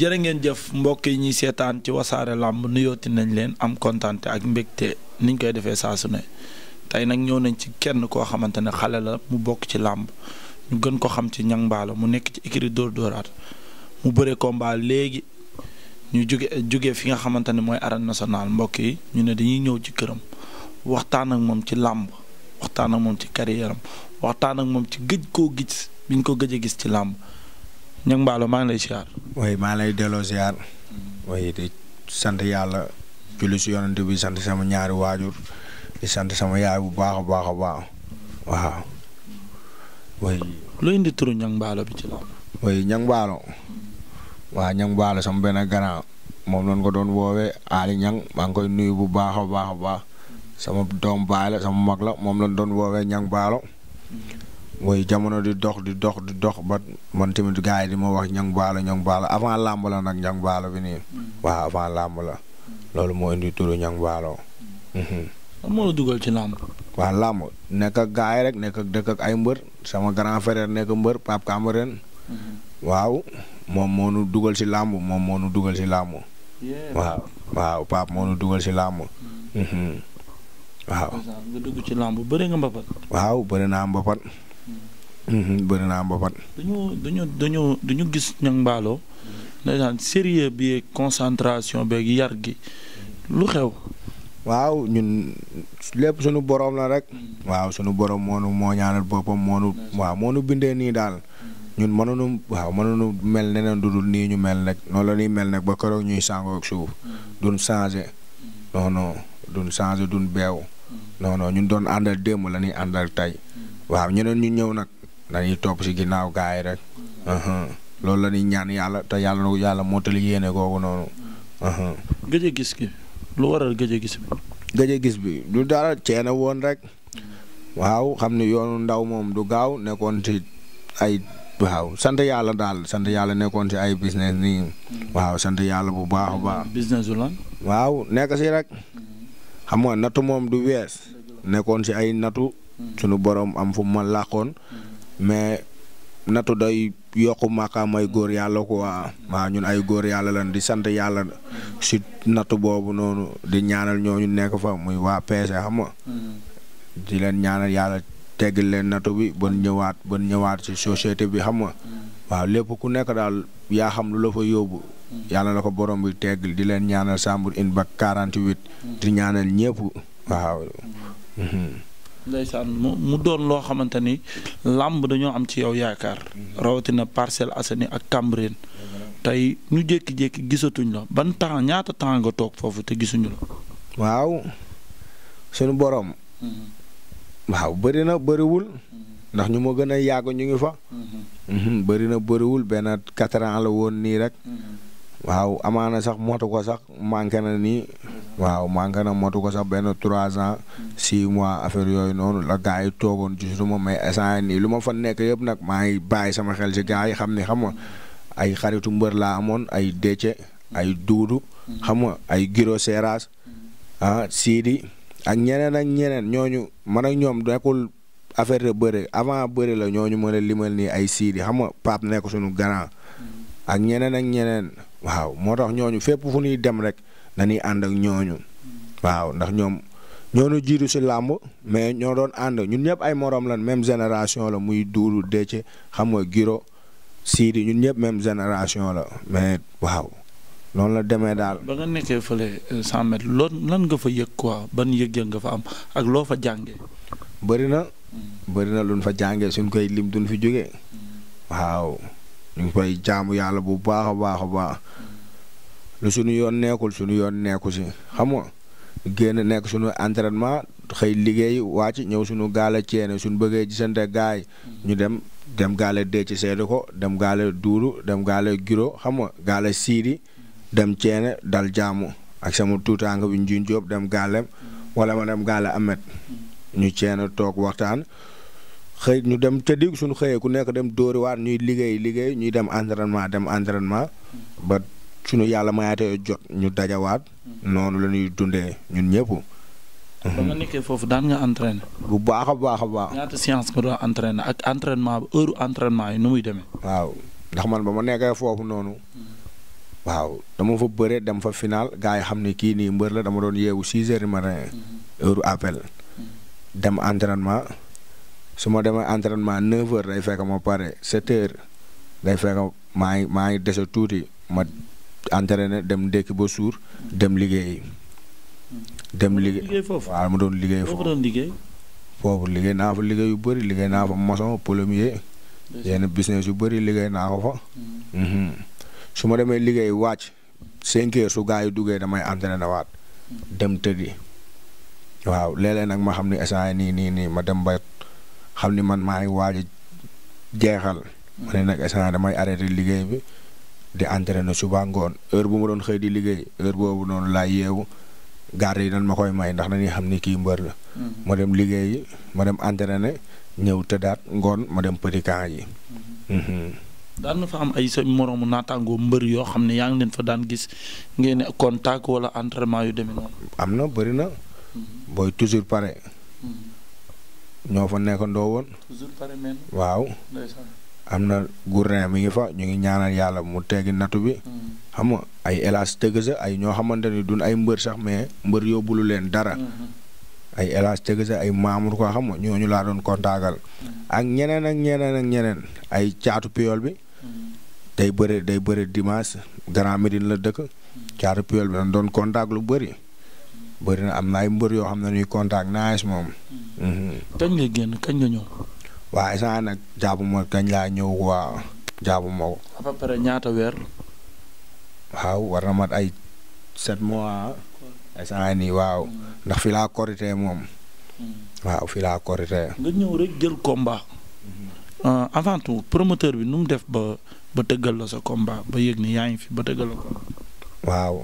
jërë ngeen jëf mbokk yi ñuy seetaan ci wasaare làmb nuyooti nañ leen am kontaante ak mbégte niñ koy defee saa su ne tey nag ñëw nañ ci kenn koo xamante ne xale la mu bokk ci làmb ñu gën ko xam ci ñang mu nekk ci écurie Dóor Dóoraat mu bëre combat léegi ñu jóge jóge fi nga xamante ne mooy arène nationale mbokk yi ñu ne dañuy ñëw ci këram waxtaan ak moom ci làmb waxtaan ak moom ci carrière am waxtaan ak moom ci gëj koo gis biñ ko gëj a gis ci làmb ña baalo maa ngi lay siyaar. waaye maa lay delloo siyaar. waaye di sant yàlla. julli si yonent bi sant sama ñaari waajur di sant sama yaay bu baax a baax a baax waaw. waaye. lu indi turu ña mbaalo bi ci la. waaye ña mbaalo. waa ña mbaalo sama benn grand moom noonu ko doon woowee Ali ñang maa ngi koy nuyu bu baax a baax a baax sama doom baay la sama mag la moom lañ doon woowee ñang baalo mooy jamono di dox di dox dox man tamit gars di ma wax ñang baala ñang baala avant làmb la nag bi nii. Mm. loolu moo indi mm-hmm. dugal ci làmb. waaw làmb nekk ak gars yi rek nekk ak dëkk ak ay mbër sama grand frère nekk mbër am Cameroun. Mm-hmm. waaw moom moo dugal ci làmb moom moo nu dugal ci làmb. waaw waaw Pape dugal ci làmb. Mm. Mm-hmm. waaw. ci làmb bëri nga mbapat. naa mbapat. Mhm, bëri naa mbapat. dañoo dañoo dañoo dañu gis ña mbaaloo ndeysaan sérieux bi concentration beeg yar gi lu xew. waaw ñun lépp sunu boroom la rek. waaw sunu borom moo nu moo ñaanal boppam moo nu. bindee nii daal. ñun mënuñu waaw mënuñu mel neneen du dul nii ñu mel rek noonu la ñuy mel nag ba keroog ñuy sàngoo ak suuf. duñ changé. non non duñ changé duñ beew. non non ñun doon àndal démb la ñuy àndal tey. waaw ñeneen ñu ñëw nag. dañuy topp si ginnaaw gars yi rek. loolu la ñuy ñaan yàlla te yàlla na ko yàlla mottali yéene googu noonu. gëj gis lu waral gëj a gis bi. gëj gis bi du dara ceene woon rek. waaw xam ni yoonu ndaw moom du gaaw nekkoon ci ay. waaw sant yàlla daal sant yàlla nekkoon ci ay business nii. waaw sant yàlla bu baax a baax. business yu lan. waaw nekk si rek. xam nga nattu moom du wees. nekkoon si ay nattu. Mm. sunu borom am fu mu ma làqoon. mais natu da yokku màkkaa may góor yàlla ko waa waaw ñun ay góor yàlla lan di sant yàlla si nattu boobu noonu di ñaanal ñooñu nekk fa muy waa peese xam nga mm-hmm. di leen ñaanal yàlla teggil leen natu bi ban ñëwaat ban ñëwaat si société bi xam nga mm-hmm. waaw lépp ku nekk daal yaa xam lu la fa yóbbu mm-hmm. yàlla la ko borom bi teggil di leen ñaanal Sambour in ba 48 di ñaanal ñëpp waaw ndeysaan mu mu doon loo xamante ni làmb dañoo am ci yow yaakaar rawatina Parcelles Assainies ak Cambérène tey ñu jékki-jékki gisatuñ la ban temps ñaata temps toog foofu te gisuñu la. waaw suñu boroom. Mm-hmm. waaw bëri na bëriwul. Mm-hmm. ndax ñu ma gën a yàgg ñu ngi fa. Mm-hmm. bëri na bëriwul benn quatre la woon nii rek. waaw amaana sax motu ko sax manqué na nii. waaw manqué na motu ko sax benn trois ans six mois affaire yooyu noonu la gars yi toogoon ci suma may instant nii lu ma fa nekk yëpp nag maa ngi bàyyi sama xel ci gars yi xam ni xam nga ay xaritu mbër laa amoon ay Déthié ay Doudou. xam nga ay Giro Seras ah Sidi ak ñeneen ak ñeneen ñooñu man ak ñoom nekkul affaire de bëre avant bëre la ñooñu mën a limal nii ay Sidi xam nga Pape nekk suñu grand. ak ñeneen ak ñeneen. waaw moo tax ñooñu fépp fu ñuy dem rek nañuy ànd ak ñooñu. waaw ndax ñoom ñoo ñu jiitu si làmb mais ñoo doon ànd ñun ñëpp ay morom lan même génération la muy duuru dëcc xam nga giro siidi ñun ñëpp même génération la mais waaw noonu la demee daal. ba nga nekkee fële 100 euh, mètres lan nga fa yëg quoi ban yëg-yëg nga fa am ak loo fa jàngee. bëri na. Mm. bëri na luñ fa jàngee suñ koy lim duñ fi jógee. Mm. waaw ñu ngi fay jaamu yàlla bu baax a baax a baax lu suñu yoon nekkul sunu yoon nekku si xam nga génn nekk sunu entraînement xëy liggéey wàcc ñëw suñu gaale ceene suñu bëggee gisante gaay ñu dem dem gaale dëcc seeti ko dem gaale duulu dem gaale giro xam nga gaale siidi dem ceene dal jaamu ak sama tuutaanga bi njuñ dem gaalem wala ma dem gaale amet ñu ceene toog waxtaan xëy ñu dem te digg suñu xëyee ku nekk dem dóori waat ñuy liggéey liggéey ñuy dem entraînement dem entraînement ba suñu yàlla mayaatee jot ñu dajawaat. noonu la ñuy dundee ñun ñëpp. ba nga nekkee foofu daan nga bu baax a baax a baax. ñaata séance nga doon ak entraînement bi heure yi nu muy demee. waaw ndax man ba ma nekkee foofu noonu. waaw dama fa bëree dem fa final gars yi xam ne kii nii mbër la dama doon yeewu 6 heures du matin. heure appel. dem entraînement. su ma demee entraînement 9 heures day fekk ma pare 7 heures day fekk maa ngi maa ngi dese tuuti ma entraîné dem ndékki ba suur dem liggéey dem liggéey foofu waaw ma doon liggéey foofu liggéey. foofu liggéey naa fa liggéey yu bëri liggéey naa fa maçon plombier yenn business yu bëri liggéey naa ko fa. Mm. Mm-hmm. su ma demee liggéey wàcc cinq heures su gars yi duggee damay entraîné waat. Mm. dem tëddi. waaw léeg-léeg nag ma xam ni instant nii nii nii ma dem ba xam ni man maay ngi jeexal hmm. ma ne nag instant damay arrêté liggéey bi di entraîné suba ngoon heure bu ma doon xëy di liggéey heure boobu noonu laay yeewu garde yi nan ma koy may ndax dañuy xam ni kii mbër la. Hmm. ma dem liggéeyi ma dem entraîné ñëw tëddaat ngoon ma dem petit camp yi. Hmm. daan na fa am ay sa moromu naataangoo mbër yoo xam ne yaa ngi leen fa daan gis ngeen ne contact wala entraînement yu demee noonu. am na bëri na. booy toujours pare. ñoo fa nekkandoo woon. waaw. am na gouverneur mi ngi fa ñu ngi ñaanal yàlla mu teggi natu bi. Hmm. xam ay hélas tëgg ay ñoo xamante ni duñ ay mbër sax mais mbër yóbbulu leen dara. Hmm. ay hélas tëgg sa ay maamur ko xam nga ñu laa doon kontaagal. Hmm. ak ñeneen ak ñeneen ak ñeneen ay caatu piyool bi. day bëre day bëre dimanche Grand Médine la dëkk. caatu piyool bi dañ doon kontaak lu bëri. bëri na am na ay mbër yoo xam na ñuy contact naaj moom. Mm-hmm. kañ lay génn kañ nga ñëw. waaye sax nag jaabu ma kañ laa ñëw waaw jaabu ma ko. à ñaata weer. waaw war na mat ay set mois. ay saa nii waaw. ndax fi laa korité moom. Mm-hmm. waaw fi laa korité. nga ñëw rek jël komba mm-hmm. euh, avant tout promoteur bi nu mu def ba ba tëggal la sa combat ba yëg ni yaa ngi fi ba tëggal la ko. waaw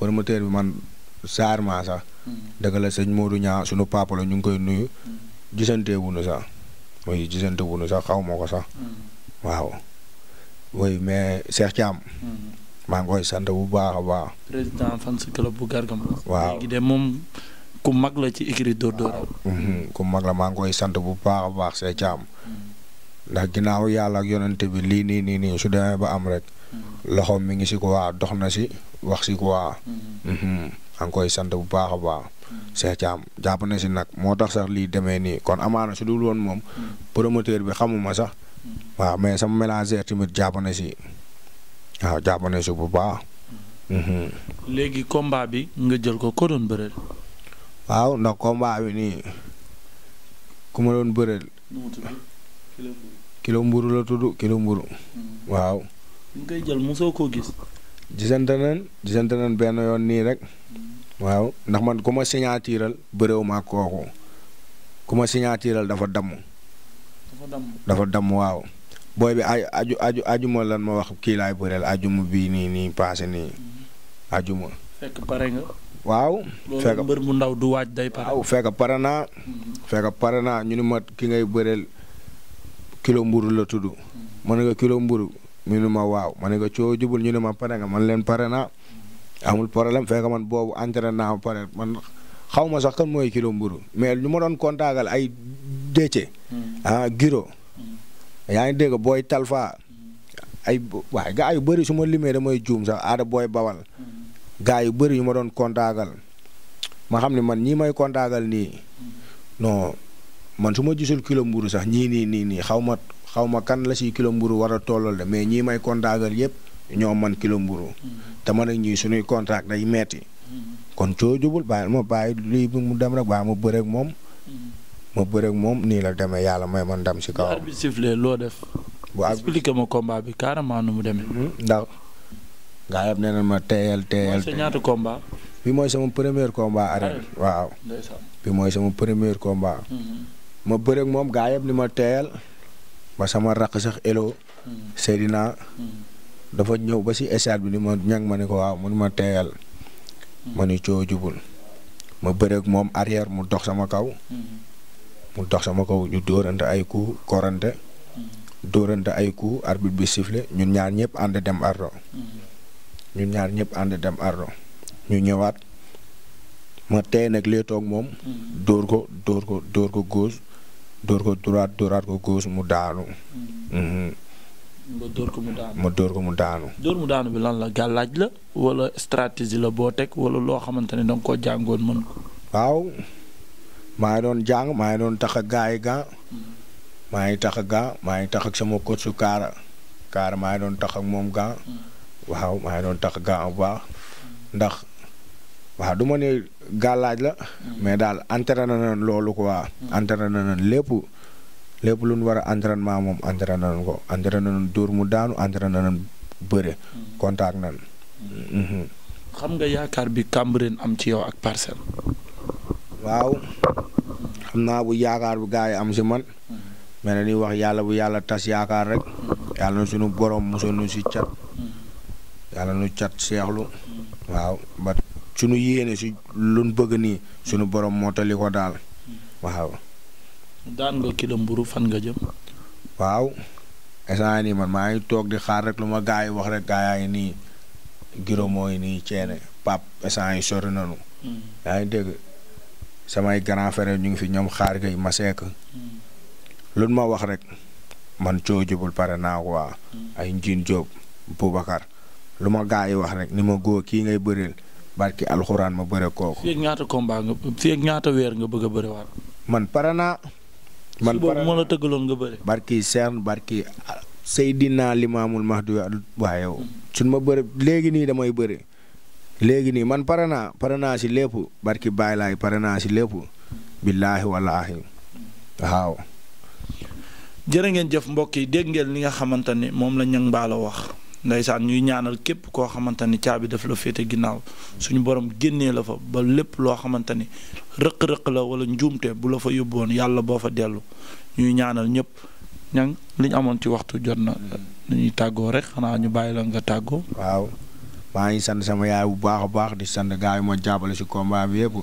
promoteur bi man. saarma sax. Hmm. dëgg la sëñ Modou ñaa sunu papa la ñu ngi koy nuyu. Hmm. gisante wuñu sax mooy gisante wuñu sax xaw ma ko sax. Hmm. waaw oui mais Cheikh Thiam. maa ngi koy sant bu baax a baax. président fans bu Garga waaw léegi de moom la ci écurie Dóor mhm. mag la maa ngi koy sant bu baax a baax Cheikh Thiam. ndax ginnaaw yàlla ak yonante bi lii nii nii nii su demee ba am rek. loxoom mi ngi si ko waa dox na si wax si ko waa. Mhm. maa koy sant bu baax a baax. Cheikh Thiam jàpp na si nag moo tax sax lii demee nii kon amaana su dul woon moom. promoteur bi xamuma sax. waaw mais sama mélangeur tamit jàpp na si waaw jàpp si bu baax. Mhm. léegi combat bi nga jël ko ko doon bëreel. waaw ndax combat bi nii ku ma doon bëreel. kilo mburu la tudd kilo mburu mhm. waaw. ñu koy jël musoo koo gis. gisante nañ gisante nañ benn yoon nii rek. Mhm. waaw ndax man ku ma signatural bëréew maa kooku ku ma dafa damm. dafa damm dafa damm waaw. booy bi aju aju aju ma lañ ma wax kii laay bëreel ajuma bii nii nii paase nii mhm. ajuma. fekk pare nga. waaw. fekk loolu ndaw du day pare. waaw fekk pare naa. Mhm. fekk pare naa ñu ma ki ngay bëreel kilo mburu la tudd. Mhm. ma ne ko kilo mburu ñu ma waaw ma ne ko coo jubul ñu ne ma pare nga man leen pare naa. amul problème fekk man boobu entraîné naa pare man xaw ma sax kan mooy kilo mburu mais ñu ma doon kontaagal ay Déthié. Hmm. ah Giro. Hmm. yaa ngi dégg booy Talfa. Hmm. ay waaye gaa yu bëri su ma limee damay juum sax aada booy bawal. gaa yu bëri yu ma doon kontaagal. ma xam ne man ñii may kontaagal nii. non man su ma gisul kilo mburu sax ñii nii nii nii xaw ma xaw ma kan la si kilo mburu war a tollal de mais ñii may kontaagal yëpp. ñoo man kilo mburu te man ak ñii suñuy contrat day metti kon coo jubul bàyyi bàyyi lii mu dem rek baa ma bëreeg moom. ma bëreeg moom nii la deme yàlla may ma ndam si kawam. loo def. bu ma combat bi carrément nu mu demee. Hmm, ndaw. gaa yëpp ma teeyal teeyal. mooy sa mooy sama premier komba arène. waaw. bi mooy sama premier combat. Hmm. ma bëreeg moom gaa yëpp ni ma teeyal. ba sama raq elo. Hmm. Seydina. dafa ñëw ba si stade bi ni ma ñang ma ne ko waaw mun ma teeyal mm-hmm. ma ni coo jubul ma bëreeg moom arrière mu dox sama kaw mm-hmm. mu dox sama kaw ñu dóorante ay coup korante mm-hmm. dóorante ay coup arbitre bi sifflé ñun ñaar ñëpp ànd dem ardo ñun ñaar ñëpp ànd dem ardo ñu ñëwaat ma tey nag lee toog moom dóor ko dóor ko dóor ko gauche dóor ko droite dóoraat ko gauche mu daanu ma dóor ko mu daanu ma dóor ko mu daanu. dóor mu bi lan la gàllaaj la wala stratégie la boo teg wala loo xamante ne da koo jàngoon mën ko. waaw maa doon jàng maa ngi doon tax a gaay ga maa ngi tax a gaa maa ngi tax ak sama coach su Kaara Kaara maa doon tax ak moom gaa. waaw maa doon tax a gaa bu ndax waaw du ma ne gàllaaj la. Mm. mais daal entraîné na loolu waa mm. entraîné na lépp. lépp lu ñu war a moom entraîné nañ ko entraîné nañ dóor mu daanu entraîné nañ bëre. Mm-hmm. contact nañ. Mm-hmm. Mm-hmm. xam nga yaakaar bi Cambérène am ci yow ak Parcelles. waaw xam naa bu yaakaar bu gars yi am si man. mais dañuy wax yàlla bu yàlla tas yaakaar rek. yàlla na suñu borom mosoon nu si cat. yàlla nu cat seexlu. waaw ba suñu yéene si luñ bëgg nii. sunu borom moo tali ko daal. waaw. daan nga kilo mburu fan nga jëm. waaw. instant nii man maa ngi toog di xaar rek lu ma gaa yi wax rek gaa yaa ngi nii giro mooy nii ceene pap instant yi sori nañu. Hmm. yaa ngi dégg samay grand frère ñu ngi fi ñoom xaar gay ma seek. Hmm. lu ma wax rek man coo jubul pare naa ko waa hmm. ay lu ma gaa yi wax rek ni ma góor kii ngay bëreel barki alxuraan ma bëre kooku. fii ak ñaata weer nga bëgg a bëriwaat. man pare naa. man boobu moo la tëggaloon nga bëri. barki Sern barki Seydina Limaamul Mahdi waaye yow suñ ma bëri léegi nii damay bëri léegi nii man pare naa pare naa si lépp barki Baay Laay pare naa si lépp billaahi walaahi waaw. jërë ngeen jëf mbokk yi dégg ngeen li nga xamante ni moom la Niang Ballo wax. ndeysaan ñuy ñaanal képp koo xamante ni caabi daf la féete ginnaaw suñu borom génnee la fa ba lépp loo xamante ni rëq-rëq la wala njuumte bu la fa yóbboon yàlla boo fa dellu ñuy ñaanal ñëpp ñaŋ li amoon ci waxtu jot na dañuy tàggoo rek xanaa ñu bàyyi la nga tàggoo. waaw maa ngi sant sama yaay bu baax a baax di sant gaa yi ma jàppale si combat bi yëpp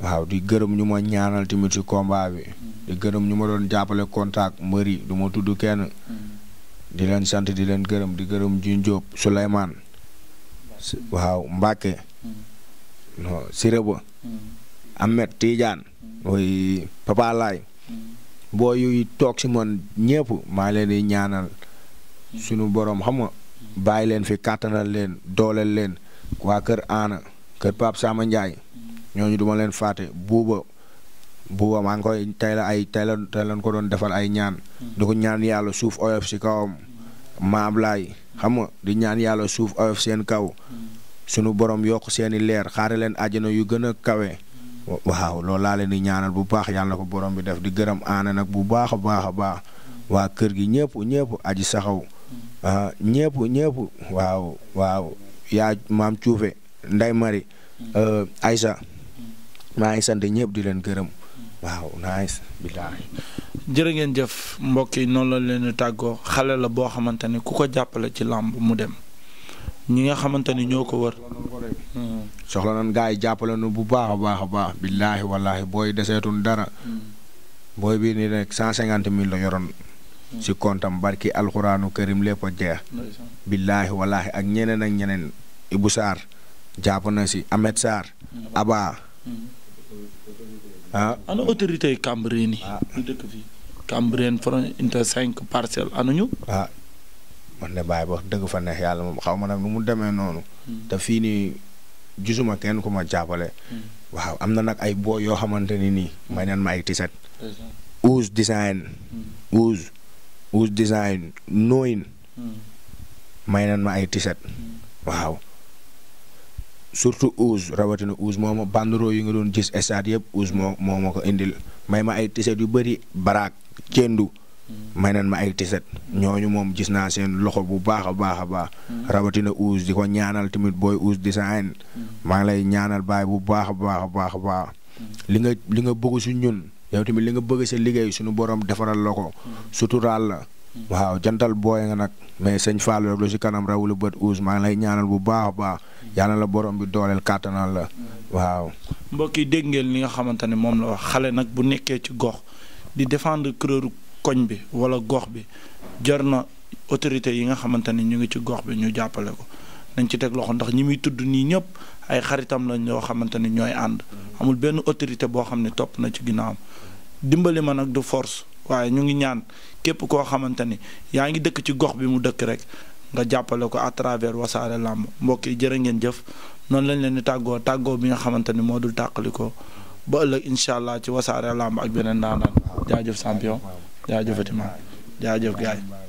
waaw di gërëm ñu ma ñaanal tamit si combat bi di gërëm ñu ma doon jàppale contact mbëri du ma tudd ken di leen sant di leen gërëm di gërëm Dieng Diop Souleymane waaw Mbacke mm. Sireba mm. Ahmed Tidiane mm. mooy Papa Laay boo yuy toog si man ñëpp maa leen di ñaanal sunu boroom xam nga bàyyi leen fi kàttanal leen doole leen waa kër Aana kër Pape Sama Ndiaye ñooñu duma leen faate buuba bu maa ngi koy tey la ay lañ ko doon defal ay ñaan. Hmm. di ñaan yàlla suuf oyof si hmm. maam laay xam nga di ñaan yàlla suuf seen kaw. Hmm. sunu borom yokk seeni leer xaare leen àjjana yu gën a kawe. waaw loolu leen di ñaanal bu baax yàlla ko borom bi def di gërëm aana nag bu baax a baax a baax. waa kër gi ñëpp ñëpp aji saxaw. ah ñëpp ñëpp waaw waaw yaa maam Cuufe nday Mari. Euh, Aysa maa ngi sant ñëpp di leen gërëm. waaw nice billaay ngeen jëf mbokk yi noonu la leen tàggoo xale la boo xamante ni ku ko jàppale ci làmb mu dem ñi nga xamante ni ñoo ko wër. Hmm. soxla nañ gars yi jàppale nu bu baax a baax a baax billaahi wallaahi booy deseetun dara. Hmm. booy bii nii rek cent cinquante mille la hmm. si kontam barki alxuraanu karim lépp a jeex. billaahi wallaahi ak ñeneen ak ñeneen Ibou Sarr jàpp na si Ahmed Sarr. Aba. ah ana autorité yi Cambérène yi. Ah. ñu dëkk fii Cambérène front inter cinq parcelles anuñu. ah man de bàyyi wax dëgg fa neex yàlla moom xaw ma nag nu mu demee noonu. Hmm. te fii nii gisuma kenn ku ma jàppale. Hmm. waaw am na nag ay boo yoo xamante ni nii. Hmm. may nan ma ay tiset. ouz design. ouz ouz design nooyin. may nan ma ay tiset. waaw. surtout Ousse rawatina Ousse moo ma banderoo yi nga doon gis stade yëpp Ousse moo moo ma ko indil may ma ay tiset yu bëri baraak cendu may nan ma ay tiset ñooñu moom gis naa seen loxo bu baax a baax a baax. rawatina Ousse di ko ñaanal tamit booy Ousse design maa ngi lay ñaanal baay bu baax a baax a baax a baax. li nga li nga bëgg su ñun yow tamit li nga bëgg sa liggéey suñu borom defaral la ko surtout la. waaw jantal booy nga nag mais sëñ Fallou lu si kanam rawulu bët uus maa ngi lay ñaanal bu baax baax yàlla la borom bi dooleel kàttanal la waaw. mbokk yi dégg ngeen li nga xamante ne moom la wax xale nag bu nekkee ci gox di défendre kuréelu koñ bi wala gox bi jar na autorité yi nga xamante ne ñu ngi ci gox bi ñu jàppale ko nañ ci teg loxo ndax ñi muy tudd nii ñëpp ay xaritam la yoo xamante ne ñooy ànd amul benn autorité boo xam ne topp na ci ginnaawam dimbali ma nag de force. waaye ñu ngi ñaan képp koo xamante ni yaa ngi dëkk ci gox bi mu dëkk rek nga jàppale ko à travers wasaare làmb mbokk yi jërë ngeen jëf noonu lañ leen di tàggoo tàggoo bi nga xamante ni moo dul tàqaliko ba ëllëg incha allah ci wasaare làmb ak beneen daanaan jaajëf champion jaajëfati ma jaajëf gaay